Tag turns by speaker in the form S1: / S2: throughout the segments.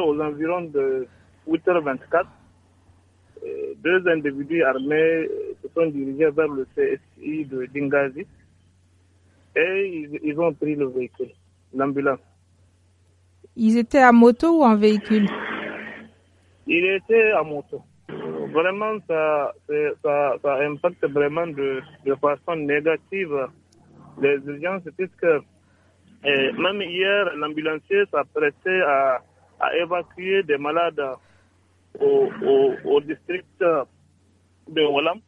S1: aux environs de 8h24, euh, deux individus armés euh, se sont dirigés vers le CSI de Dingazi et ils, ont pris le véhicule, l'ambulance.
S2: Ils étaient à moto ou en véhicule
S1: Ils étaient à moto. Vraiment, ça, ça, impacte vraiment de, façon négative les urgences puisque euh, même hier, l'ambulancier s'apprêtait à à évacuer des malades au, au, district de Wallam.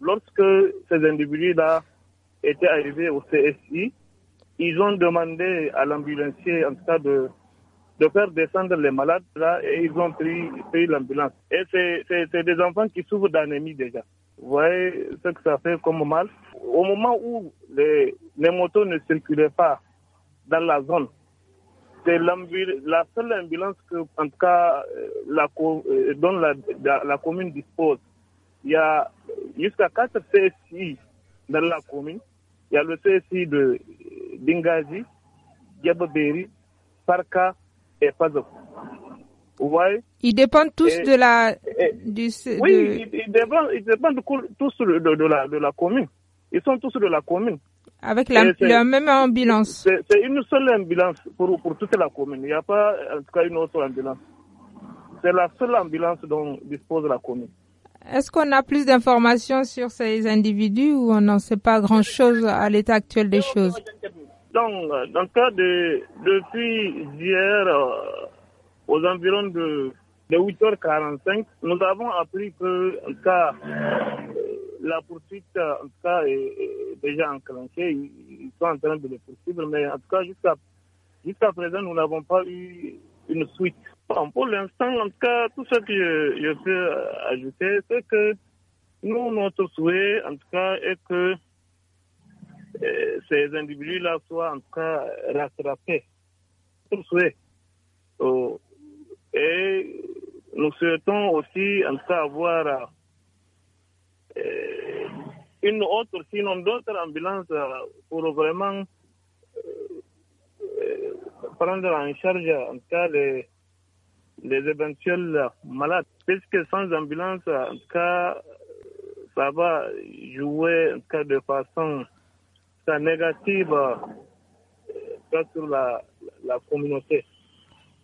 S1: Lorsque ces individus-là étaient arrivés au CSI, ils ont demandé à l'ambulancier, en tout cas, de, de faire descendre les malades là et ils ont pris, pris l'ambulance. Et c'est des enfants qui souffrent d'anémie déjà. Vous voyez ce que ça fait comme mal. Au moment où les, les motos ne circulaient pas dans la zone, c'est la seule ambulance que, en tout cas, euh, la, euh, dont la, la, commune dispose. Il y a jusqu'à quatre CSI dans la commune. Il y a le CSI de Bingazi, Diababeri, Parka et Pazok. Vous voyez
S2: Ils dépendent tous de la. oui, Ils,
S1: dépendent, ils dépendent tous de la commune. Ils sont tous de la commune. Avec la, même ambulance C'est une seule ambulance pour, pour toute la commune. Il n'y a pas, en tout cas, une autre ambulance. C'est la seule ambulance dont dispose la commune.
S2: Est-ce qu'on a plus d'informations sur ces individus ou on n'en sait pas grand-chose à l'état actuel des choses
S1: Donc, dans le cas de, depuis hier, euh, aux environs de, 8h45, nous avons appris que, cas, la poursuite, euh, en tout cas, est, déjà enclenchée. Ils, sont en train de le poursuivre, mais en tout cas, jusqu'à jusqu'à présent, nous n'avons pas eu une suite. pour l'instant, en tout cas, tout ce que je, peux euh, ajouter, c'est que nous, notre souhait, en tout cas, est que euh, ces individus-là soient, en tout cas, rattrapés. Notre souhait. Oh. et nous souhaitons aussi, en tout cas, avoir euh, une autre, sinon d'autres ambulances euh, pour vraiment euh, prendre en charge en cas les, les éventuels malades. Puisque sans ambulance, en cas, ça va jouer cas de façon négative sur la, la communauté.